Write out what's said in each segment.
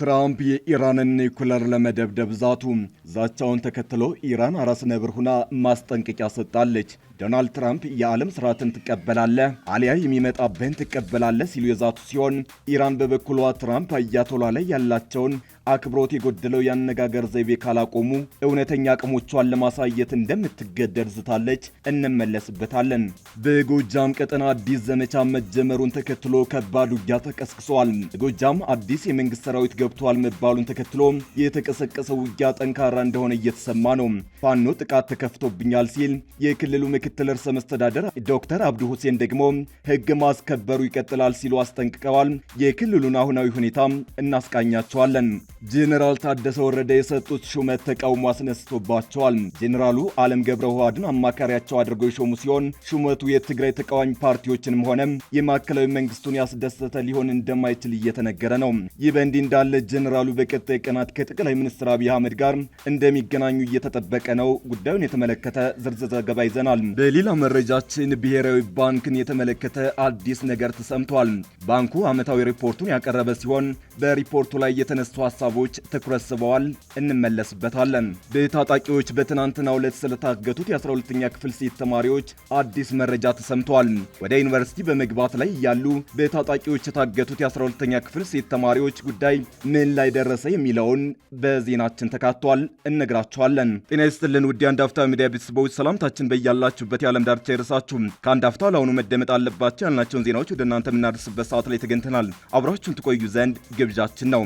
ትራምፕ የኢራንን ኒውክለር ለመደብደብ ዛቱ። ዛቻውን ተከትሎ ኢራን አራስ ነብር ሁና ማስጠንቀቂያ ሰጣለች። ዶናልድ ትራምፕ የዓለም ስርዓትን ትቀበላለ አሊያ የሚመጣብህን ትቀበላለ ሲሉ የዛቱ ሲሆን ኢራን በበኩሏ ትራምፕ አያቶላ ላይ ያላቸውን አክብሮት የጎደለው የአነጋገር ዘይቤ ካላቆሙ እውነተኛ አቅሞቿን ለማሳየት እንደምትገደድ ዝታለች። እንመለስበታለን። በጎጃም ቀጠና አዲስ ዘመቻ መጀመሩን ተከትሎ ከባድ ውጊያ ተቀስቅሷል። በጎጃም አዲስ የመንግስት ሰራዊት ገብቷል መባሉን ተከትሎ የተቀሰቀሰው ውጊያ ጠንካራ እንደሆነ እየተሰማ ነው። ፋኖ ጥቃት ተከፍቶብኛል ሲል የክልሉ ምክትል ርዕሰ መስተዳደር ዶክተር አብዱ ሁሴን ደግሞ ህግ ማስከበሩ ይቀጥላል ሲሉ አስጠንቅቀዋል። የክልሉን አሁናዊ ሁኔታ እናስቃኛቸዋለን። ጄኔራል ታደሰ ወረደ የሰጡት ሹመት ተቃውሞ አስነስቶባቸዋል። ጄኔራሉ አለም ገብረ ውሃድን አማካሪያቸው አድርገው የሾሙ ሲሆን ሹመቱ የትግራይ ተቃዋሚ ፓርቲዎችንም ሆነም የማዕከላዊ መንግስቱን ያስደሰተ ሊሆን እንደማይችል እየተነገረ ነው። ይህ በእንዲህ እንዳለ ጄኔራሉ በቀጣይ ቀናት ከጠቅላይ ሚኒስትር አብይ አህመድ ጋር እንደሚገናኙ እየተጠበቀ ነው። ጉዳዩን የተመለከተ ዝርዝር ዘገባ ይዘናል። በሌላ መረጃችን ብሔራዊ ባንክን የተመለከተ አዲስ ነገር ተሰምቷል። ባንኩ ዓመታዊ ሪፖርቱን ያቀረበ ሲሆን በሪፖርቱ ላይ የተነሱ ሀሳብ ሀሳቦች ትኩረት ስበዋል። እንመለስበታለን። በታጣቂዎች በትናንትናው ዕለት ስለታገቱት የ12ኛ ክፍል ሴት ተማሪዎች አዲስ መረጃ ተሰምቷል። ወደ ዩኒቨርሲቲ በመግባት ላይ እያሉ በታጣቂዎች የታገቱት የ12ኛ ክፍል ሴት ተማሪዎች ጉዳይ ምን ላይ ደረሰ የሚለውን በዜናችን ተካቷል፣ እንግራቸዋለን። ጤና ይስጥልን ውድ የአንድ አፍታ ሚዲያ ቤተሰቦች፣ ሰላምታችን በያላችሁበት የዓለም ዳርቻ ይድረሳችሁ። ከአንድ አፍታ ለአሁኑ መደመጥ አለባቸው ያልናቸውን ዜናዎች ወደ እናንተ የምናደርስበት ሰዓት ላይ ተገኝተናል። አብራችሁን ትቆዩ ዘንድ ግብዣችን ነው።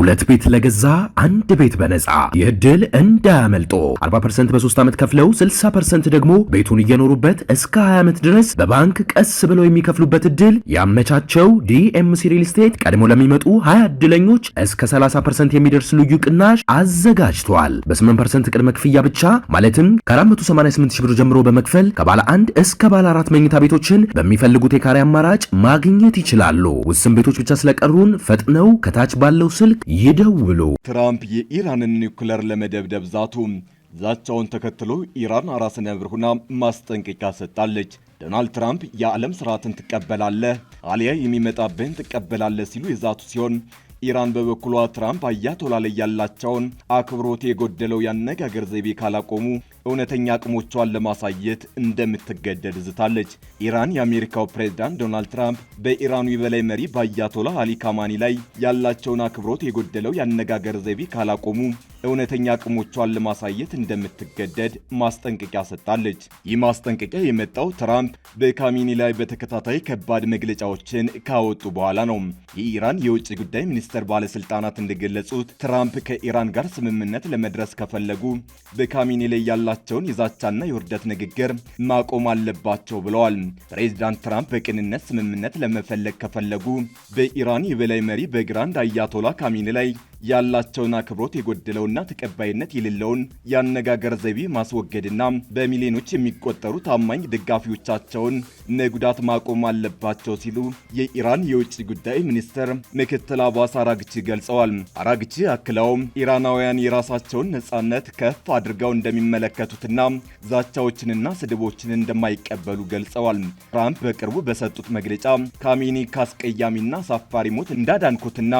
ሁለት ቤት ለገዛ አንድ ቤት በነፃ ይህ ዕድል እንዳያመልጦ 40% በሶስት ዓመት ከፍለው 60% ደግሞ ቤቱን እየኖሩበት እስከ 20 ዓመት ድረስ በባንክ ቀስ ብለው የሚከፍሉበት እድል ያመቻቸው ዲኤምሲ ሪል ስቴት ቀድሞ ለሚመጡ 20 እድለኞች እስከ 30% የሚደርስ ልዩ ቅናሽ አዘጋጅቷል። በ8% ቅድመ ክፍያ ብቻ ማለትም ከ488 ሺህ ብር ጀምሮ በመክፈል ከባለ አንድ እስከ ባለ አራት መኝታ ቤቶችን በሚፈልጉት የካሬ አማራጭ ማግኘት ይችላሉ። ውስን ቤቶች ብቻ ስለቀሩን ፈጥነው ከታች ባለው ስልክ ይደውሉ። ትራምፕ የኢራንን ኒውክለር ለመደብደብ ዛቱ። ዛቻውን ተከትሎ ኢራን አራስ ነብር ሆና ማስጠንቀቂያ ሰጣለች። ዶናልድ ትራምፕ የዓለም ስርዓትን ትቀበላለህ አሊያ የሚመጣብህን ትቀበላለህ ሲሉ የዛቱ ሲሆን ኢራን በበኩሏ ትራምፕ አያቶላ ላይ ያላቸውን አክብሮት የጎደለው ያነጋገር ዘይቤ ካላቆሙ እውነተኛ አቅሞቿን ለማሳየት እንደምትገደድ ዝታለች። ኢራን የአሜሪካው ፕሬዝዳንት ዶናልድ ትራምፕ በኢራኑ የበላይ መሪ በአያቶላ አሊ ካማኒ ላይ ያላቸውን አክብሮት የጎደለው የአነጋገር ዘይቤ ካላቆሙ እውነተኛ አቅሞቿን ለማሳየት እንደምትገደድ ማስጠንቀቂያ ሰጥታለች። ይህ ማስጠንቀቂያ የመጣው ትራምፕ በካሚኒ ላይ በተከታታይ ከባድ መግለጫዎችን ካወጡ በኋላ ነው። የኢራን የውጭ ጉዳይ ሚኒስቴር ባለስልጣናት እንደገለጹት ትራምፕ ከኢራን ጋር ስምምነት ለመድረስ ከፈለጉ በካሚኒ ላይ ያላ ያላቸውን የዛቻና የውርደት ንግግር ማቆም አለባቸው ብለዋል። ፕሬዚዳንት ትራምፕ በቅንነት ስምምነት ለመፈለግ ከፈለጉ በኢራን የበላይ መሪ በግራንድ አያቶላ ካሚኒ ላይ ያላቸውን አክብሮት የጎደለውና ተቀባይነት የሌለውን የአነጋገር ዘይቤ ማስወገድና በሚሊዮኖች የሚቆጠሩ ታማኝ ደጋፊዎቻቸውን ነጉዳት ማቆም አለባቸው ሲሉ የኢራን የውጭ ጉዳይ ሚኒስትር ምክትል አባስ አራግቺ ገልጸዋል። አራግቺ አክለውም ኢራናውያን የራሳቸውን ነጻነት ከፍ አድርገው እንደሚመለከቱትና ዛቻዎችንና ስድቦችን እንደማይቀበሉ ገልጸዋል። ትራምፕ በቅርቡ በሰጡት መግለጫ ካሜኒ ካስቀያሚና ሳፋሪ ሞት እንዳዳንኩትና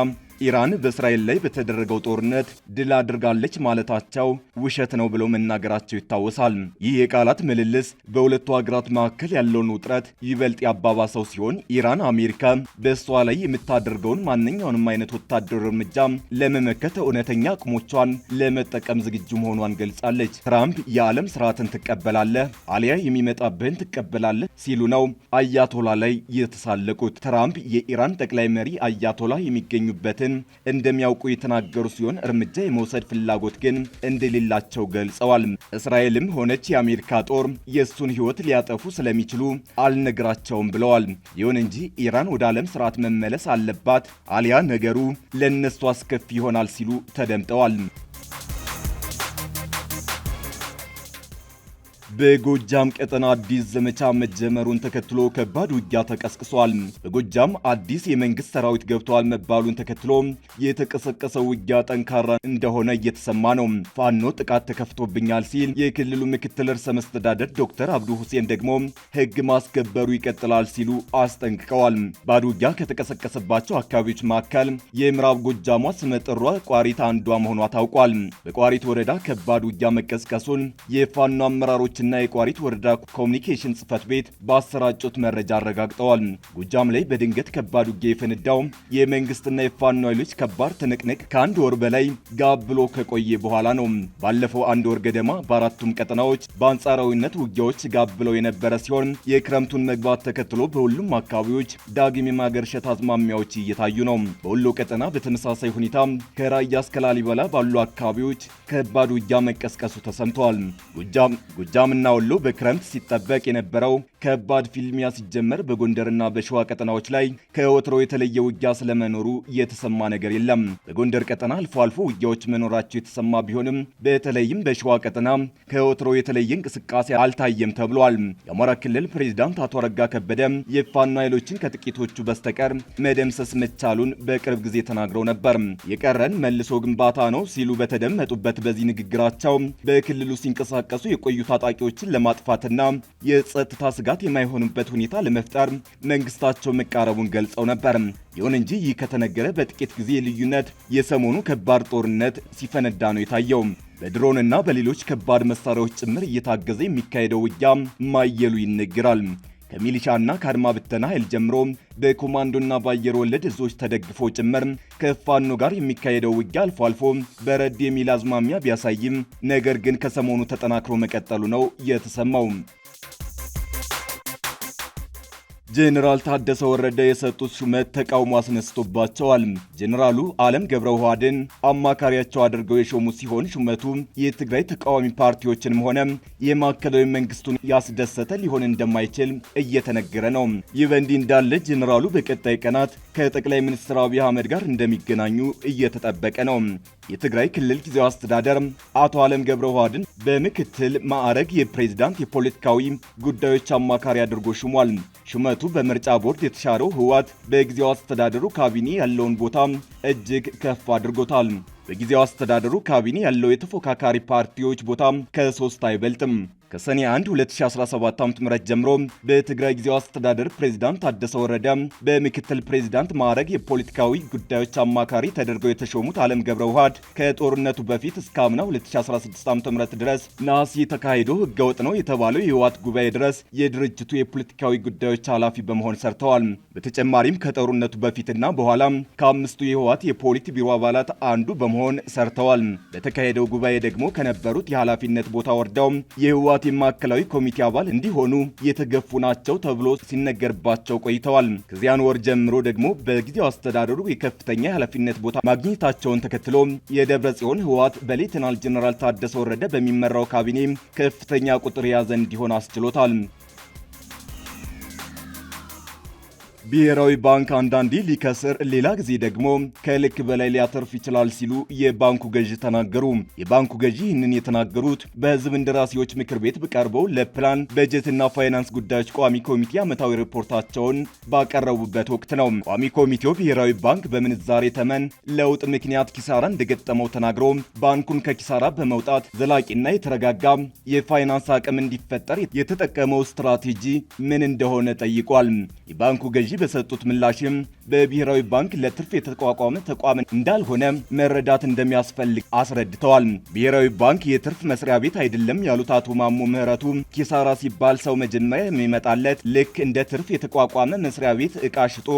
ኢራን በእስራኤል ላይ በተደረገው ጦርነት ድል አድርጋለች ማለታቸው ውሸት ነው ብለው መናገራቸው ይታወሳል። ይህ የቃላት ምልልስ በሁለቱ ሀገራት መካከል ያለውን ውጥረት ይበልጥ ያባባሰው ሲሆን ኢራን አሜሪካ በእሷ ላይ የምታደርገውን ማንኛውንም አይነት ወታደር እርምጃ ለመመከት እውነተኛ አቅሞቿን ለመጠቀም ዝግጁ መሆኗን ገልጻለች። ትራምፕ የዓለም ስርዓትን ትቀበላለህ አሊያ የሚመጣብህን ትቀበላለህ ሲሉ ነው አያቶላ ላይ የተሳለቁት። ትራምፕ የኢራን ጠቅላይ መሪ አያቶላ የሚገኙበትን ግን እንደሚያውቁ የተናገሩ ሲሆን እርምጃ የመውሰድ ፍላጎት ግን እንደሌላቸው ገልጸዋል። እስራኤልም ሆነች የአሜሪካ ጦር የእሱን ሕይወት ሊያጠፉ ስለሚችሉ አልነግራቸውም ብለዋል። ይሁን እንጂ ኢራን ወደ ዓለም ስርዓት መመለስ አለባት፣ አሊያ ነገሩ ለእነሱ አስከፊ ይሆናል ሲሉ ተደምጠዋል። በጎጃም ቀጠና አዲስ ዘመቻ መጀመሩን ተከትሎ ከባድ ውጊያ ተቀስቅሷል። በጎጃም አዲስ የመንግስት ሰራዊት ገብተዋል መባሉን ተከትሎ የተቀሰቀሰው ውጊያ ጠንካራ እንደሆነ እየተሰማ ነው። ፋኖ ጥቃት ተከፍቶብኛል ሲል የክልሉ ምክትል ርዕሰ መስተዳደር ዶክተር አብዱ ሁሴን ደግሞ ሕግ ማስከበሩ ይቀጥላል ሲሉ አስጠንቅቀዋል። ባድ ውጊያ ከተቀሰቀሰባቸው አካባቢዎች መካከል የምዕራብ ጎጃሟ ስመጥሯ ቋሪት አንዷ መሆኗ ታውቋል። በቋሪት ወረዳ ከባድ ውጊያ መቀስቀሱን የፋኖ አመራሮችና እና የቋሪት ወረዳ ኮሚኒኬሽን ጽህፈት ቤት በአሰራጮት መረጃ አረጋግጠዋል። ጎጃም ላይ በድንገት ከባድ ውጊያ የፈነዳው የመንግስትና የፋኖ ኃይሎች ከባድ ትንቅንቅ ከአንድ ወር በላይ ጋብ ብሎ ከቆየ በኋላ ነው። ባለፈው አንድ ወር ገደማ በአራቱም ቀጠናዎች በአንጻራዊነት ውጊያዎች ጋብ ብለው የነበረ ሲሆን የክረምቱን መግባት ተከትሎ በሁሉም አካባቢዎች ዳግም የማገርሸት አዝማሚያዎች እየታዩ ነው። በወሎ ቀጠና በተመሳሳይ ሁኔታ ከራያ እስከ ላሊበላ ባሉ አካባቢዎች ከባድ ውጊያ መቀስቀሱ ተሰምተዋል። ጎጃም ዋና ወሎ በክረምት ሲጠበቅ የነበረው ከባድ ፊልሚያ ሲጀመር በጎንደርና በሸዋ ቀጠናዎች ላይ ከወትሮ የተለየ ውጊያ ስለመኖሩ የተሰማ ነገር የለም። በጎንደር ቀጠና አልፎ አልፎ ውጊያዎች መኖራቸው የተሰማ ቢሆንም በተለይም በሸዋ ቀጠና ከወትሮ የተለየ እንቅስቃሴ አልታየም ተብሏል። የአማራ ክልል ፕሬዚዳንት አቶ አረጋ ከበደ የፋኖ ኃይሎችን ከጥቂቶቹ በስተቀር መደምሰስ መቻሉን በቅርብ ጊዜ ተናግረው ነበር። የቀረን መልሶ ግንባታ ነው ሲሉ በተደመጡበት በዚህ ንግግራቸው በክልሉ ሲንቀሳቀሱ የቆዩ ታጣቂዎችን ለማጥፋትና የጸጥታ ስጋ መዋጋት የማይሆኑበት ሁኔታ ለመፍጠር መንግስታቸው መቃረቡን ገልጸው ነበር። ይሁን እንጂ ይህ ከተነገረ በጥቂት ጊዜ ልዩነት የሰሞኑ ከባድ ጦርነት ሲፈነዳ ነው የታየው። በድሮንና በሌሎች ከባድ መሳሪያዎች ጭምር እየታገዘ የሚካሄደው ውጊያ ማየሉ ይነግራል። ከሚሊሻና ከአድማ ብተና ኃይል ጀምሮ በኮማንዶና በአየር ወለድ እዞች ተደግፎ ጭምር ከፋኖ ጋር የሚካሄደው ውጊያ አልፎ አልፎ በረድ የሚል አዝማሚያ ቢያሳይም ነገር ግን ከሰሞኑ ተጠናክሮ መቀጠሉ ነው የተሰማው። ጄኔራል ታደሰ ወረደ የሰጡት ሹመት ተቃውሞ አስነስቶባቸዋል። ጄኔራሉ አለም ገብረ ውሃድን አማካሪያቸው አድርገው የሾሙ ሲሆን ሹመቱ የትግራይ ተቃዋሚ ፓርቲዎችንም ሆነ የማዕከላዊ መንግስቱን ያስደሰተ ሊሆን እንደማይችል እየተነገረ ነው። ይህ በእንዲህ እንዳለ ጄኔራሉ በቀጣይ ቀናት ከጠቅላይ ሚኒስትር አብይ አህመድ ጋር እንደሚገናኙ እየተጠበቀ ነው። የትግራይ ክልል ጊዜያዊ አስተዳደር አቶ አለም ገብረ ውሃድን በምክትል ማዕረግ የፕሬዝዳንት የፖለቲካዊ ጉዳዮች አማካሪ አድርጎ ሹሟል። ሹመቱ በምርጫ ቦርድ የተሻረው ህወሓት በጊዜያዊ አስተዳደሩ ካቢኔ ያለውን ቦታ እጅግ ከፍ አድርጎታል። በጊዜያዊ አስተዳደሩ ካቢኔ ያለው የተፎካካሪ ፓርቲዎች ቦታ ከሶስት አይበልጥም። ከሰኔ 1 2017 ዓ.ም ጀምሮ በትግራይ ጊዜያዊ አስተዳደር ፕሬዚዳንት ታደሰ ወረደ በምክትል ፕሬዚዳንት ማዕረግ የፖለቲካዊ ጉዳዮች አማካሪ ተደርገው የተሾሙት ዓለም ገብረ ውሃድ ከጦርነቱ በፊት እስከ አምና 2016 ዓ.ም ድረስ ነሐሴ ተካሂዶ ህገወጥ ነው የተባለው የህወሓት ጉባኤ ድረስ የድርጅቱ የፖለቲካዊ ጉዳዮች ኃላፊ በመሆን ሰርተዋል። በተጨማሪም ከጦርነቱ በፊትና በኋላ ከአምስቱ የህወሓት የፖሊት ቢሮ አባላት አንዱ በመሆን ሰርተዋል። በተካሄደው ጉባኤ ደግሞ ከነበሩት የኃላፊነት ቦታ ወርደው የህወሓት ህወሓት የማዕከላዊ ኮሚቴ አባል እንዲሆኑ የተገፉ ናቸው ተብሎ ሲነገርባቸው ቆይተዋል። ከዚያን ወር ጀምሮ ደግሞ በጊዜው አስተዳደሩ የከፍተኛ የኃላፊነት ቦታ ማግኘታቸውን ተከትሎ የደብረ ጽዮን ህወሓት በሌተናል ጄኔራል ታደሰ ወረደ በሚመራው ካቢኔ ከፍተኛ ቁጥር የያዘ እንዲሆን አስችሎታል። ብሔራዊ ባንክ አንዳንዴ ሊከስር ሌላ ጊዜ ደግሞ ከልክ በላይ ሊያተርፍ ይችላል ሲሉ የባንኩ ገዢ ተናገሩ። የባንኩ ገዢ ይህንን የተናገሩት በህዝብ እንደራሴዎች ምክር ቤት ቀርበው ለፕላን በጀትና ፋይናንስ ጉዳዮች ቋሚ ኮሚቴ ዓመታዊ ሪፖርታቸውን ባቀረቡበት ወቅት ነው። ቋሚ ኮሚቴው ብሔራዊ ባንክ በምንዛሬ ተመን ለውጥ ምክንያት ኪሳራ እንደገጠመው ተናግሮ ባንኩን ከኪሳራ በመውጣት ዘላቂና የተረጋጋ የፋይናንስ አቅም እንዲፈጠር የተጠቀመው ስትራቴጂ ምን እንደሆነ ጠይቋል። የባንኩ ገዢ በሰጡት ምላሽም በብሔራዊ ባንክ ለትርፍ የተቋቋመ ተቋም እንዳልሆነ መረዳት እንደሚያስፈልግ አስረድተዋል። ብሔራዊ ባንክ የትርፍ መስሪያ ቤት አይደለም ያሉት አቶ ማሞ ምህረቱ ኪሳራ ሲባል ሰው መጀመሪያ የሚመጣለት ልክ እንደ ትርፍ የተቋቋመ መስሪያ ቤት እቃ ሽጦ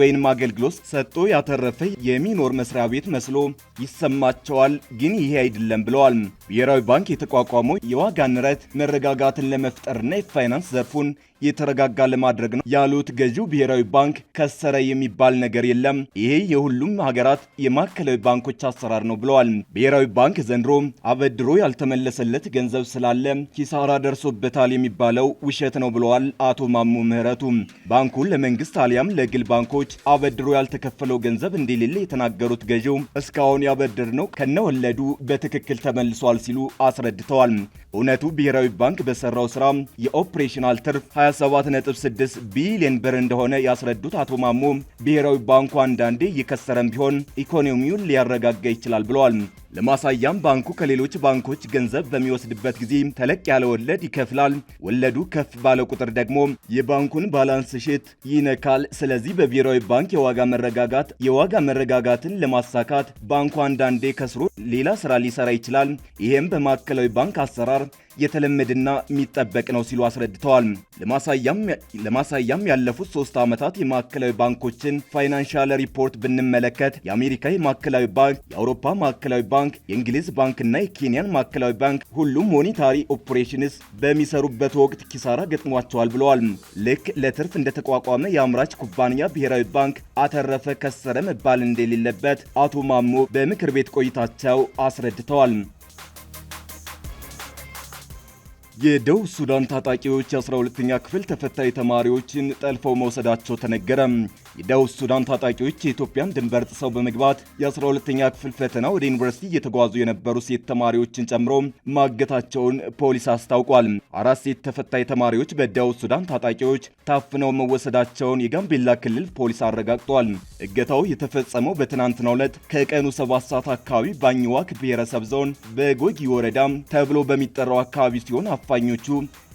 ወይንም አገልግሎት ሰጥቶ ያተረፈ የሚኖር መስሪያ ቤት መስሎ ይሰማቸዋል፣ ግን ይሄ አይደለም ብለዋል። ብሔራዊ ባንክ የተቋቋመው የዋጋ ንረት መረጋጋትን ለመፍጠርና የፋይናንስ ዘርፉን የተረጋጋ ለማድረግ ነው ያሉት ገዢው ብሔራዊ ባንክ ከሰረ የሚባል የሚባል ነገር የለም፣ ይሄ የሁሉም ሀገራት የማዕከላዊ ባንኮች አሰራር ነው ብለዋል። ብሔራዊ ባንክ ዘንድሮ አበድሮ ያልተመለሰለት ገንዘብ ስላለ ኪሳራ ደርሶበታል የሚባለው ውሸት ነው ብለዋል አቶ ማሞ ምህረቱ። ባንኩ ለመንግስት አሊያም ለግል ባንኮች አበድሮ ያልተከፈለው ገንዘብ እንደሌለ የተናገሩት ገዢው እስካሁን ያበደርነው ከነወለዱ በትክክል ተመልሷል ሲሉ አስረድተዋል። እውነቱ ብሔራዊ ባንክ በሰራው ስራ የኦፕሬሽናል ትርፍ 276 ቢሊዮን ብር እንደሆነ ያስረዱት አቶ ማሞ ብሔራዊ ባንኩ አንዳንዴ እየከሰረም ቢሆን ኢኮኖሚውን ሊያረጋጋ ይችላል ብለዋል። ለማሳያም ባንኩ ከሌሎች ባንኮች ገንዘብ በሚወስድበት ጊዜ ተለቅ ያለ ወለድ ይከፍላል። ወለዱ ከፍ ባለ ቁጥር ደግሞ የባንኩን ባላንስ ሽት ይነካል። ስለዚህ በብሔራዊ ባንክ የዋጋ መረጋጋት የዋጋ መረጋጋትን ለማሳካት ባንኩ አንዳንዴ ከስሮ ሌላ ስራ ሊሰራ ይችላል። ይህም በማዕከላዊ ባንክ አሰራር የተለመደና የሚጠበቅ ነው ሲሉ አስረድተዋል። ለማሳያም ያለፉት ሶስት ዓመታት የማዕከላዊ ባንኮችን ፋይናንሻል ሪፖርት ብንመለከት የአሜሪካ የማዕከላዊ ባንክ፣ የአውሮፓ ማዕከላዊ ባንክ ባንክ፣ የእንግሊዝ ባንክ እና የኬንያን ማዕከላዊ ባንክ ሁሉም ሞኔታሪ ኦፕሬሽንስ በሚሰሩበት ወቅት ኪሳራ ገጥሟቸዋል ብለዋል። ልክ ለትርፍ እንደተቋቋመ የአምራች ኩባንያ ብሔራዊ ባንክ አተረፈ ከሰረ መባል እንደሌለበት አቶ ማሞ በምክር ቤት ቆይታቸው አስረድተዋል። የደቡብ ሱዳን ታጣቂዎች የ12ኛ ክፍል ተፈታኝ ተማሪዎችን ጠልፈው መውሰዳቸው ተነገረ። የደቡብ ሱዳን ታጣቂዎች የኢትዮጵያን ድንበር ጥሰው በመግባት የ12ኛ ክፍል ፈተና ወደ ዩኒቨርሲቲ እየተጓዙ የነበሩ ሴት ተማሪዎችን ጨምሮ ማገታቸውን ፖሊስ አስታውቋል። አራት ሴት ተፈታይ ተማሪዎች በደቡብ ሱዳን ታጣቂዎች ታፍነው መወሰዳቸውን የጋምቤላ ክልል ፖሊስ አረጋግጧል። እገታው የተፈጸመው በትናንትናው ዕለት ከቀኑ ሰባት ሰዓት አካባቢ ባኝዋክ ብሔረሰብ ዞን በጎጊ ወረዳ ተብሎ በሚጠራው አካባቢ ሲሆን አፋኞቹ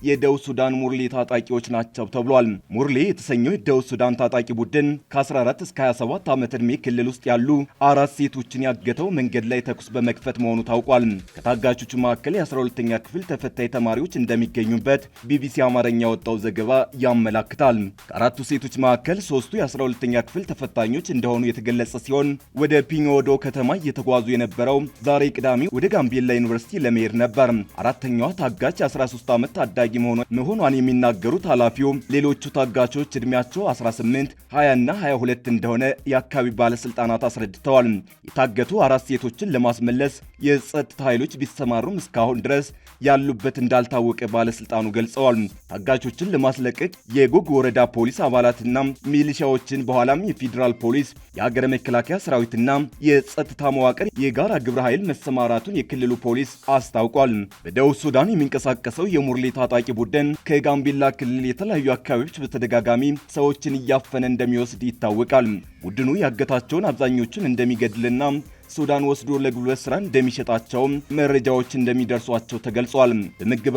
የደቡብ ሱዳን ሙርሌ ታጣቂዎች ናቸው ተብሏል። ሙርሌ የተሰኘው የደቡብ ሱዳን ታጣቂ ቡድን ከ14 እስከ 27 ዓመት ዕድሜ ክልል ውስጥ ያሉ አራት ሴቶችን ያገተው መንገድ ላይ ተኩስ በመክፈት መሆኑ ታውቋል። ከታጋቾቹ መካከል የ12ኛ ክፍል ተፈታኝ ተማሪዎች እንደሚገኙበት ቢቢሲ አማርኛ ወጣው ዘገባ ያመላክታል። ከአራቱ ሴቶች መካከል ሶስቱ የ12ኛ ክፍል ተፈታኞች እንደሆኑ የተገለጸ ሲሆን ወደ ፒኞዶ ከተማ እየተጓዙ የነበረው ዛሬ ቅዳሜ ወደ ጋምቤላ ዩኒቨርሲቲ ለመሄድ ነበር። አራተኛዋ ታጋች 13 ዓመት ታዳ አስፈላጊ መሆኗን የሚናገሩት ኃላፊው ሌሎቹ ታጋቾች እድሜያቸው 18፣ 20 እና 22 እንደሆነ የአካባቢ ባለስልጣናት አስረድተዋል። የታገቱ አራት ሴቶችን ለማስመለስ የጸጥታ ኃይሎች ቢሰማሩም እስካሁን ድረስ ያሉበት እንዳልታወቀ ባለስልጣኑ ገልጸዋል። ታጋቾችን ለማስለቀቅ የጎግ ወረዳ ፖሊስ አባላትና ሚሊሻዎችን በኋላም የፌዴራል ፖሊስ የሀገር መከላከያ ሰራዊትና የጸጥታ መዋቅር የጋራ ግብረ ኃይል መሰማራቱን የክልሉ ፖሊስ አስታውቋል። በደቡብ ሱዳን የሚንቀሳቀሰው የሙርሌ ታጣቂ ቡድን ከጋምቤላ ክልል የተለያዩ አካባቢዎች በተደጋጋሚ ሰዎችን እያፈነ እንደሚወስድ ይታወቃል። ቡድኑ ያገታቸውን አብዛኞቹን እንደሚገድልና ሱዳን ወስዶ ለጉልበት ስራ እንደሚሸጣቸው መረጃዎች እንደሚደርሷቸው ተገልጿል።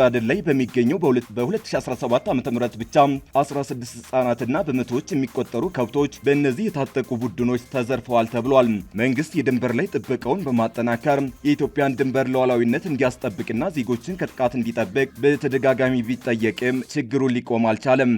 አደል ላይ በሚገኘው በ2017 ዓ ም ብቻ 16 ህጻናትና በመቶዎች የሚቆጠሩ ከብቶች በእነዚህ የታጠቁ ቡድኖች ተዘርፈዋል ተብሏል። መንግስት የድንበር ላይ ጥበቃውን በማጠናከር የኢትዮጵያን ድንበር ለዋላዊነት እንዲያስጠብቅና ዜጎችን ከጥቃት እንዲጠብቅ በተደጋጋሚ ቢጠየቅም ችግሩ ሊቆም አልቻለም።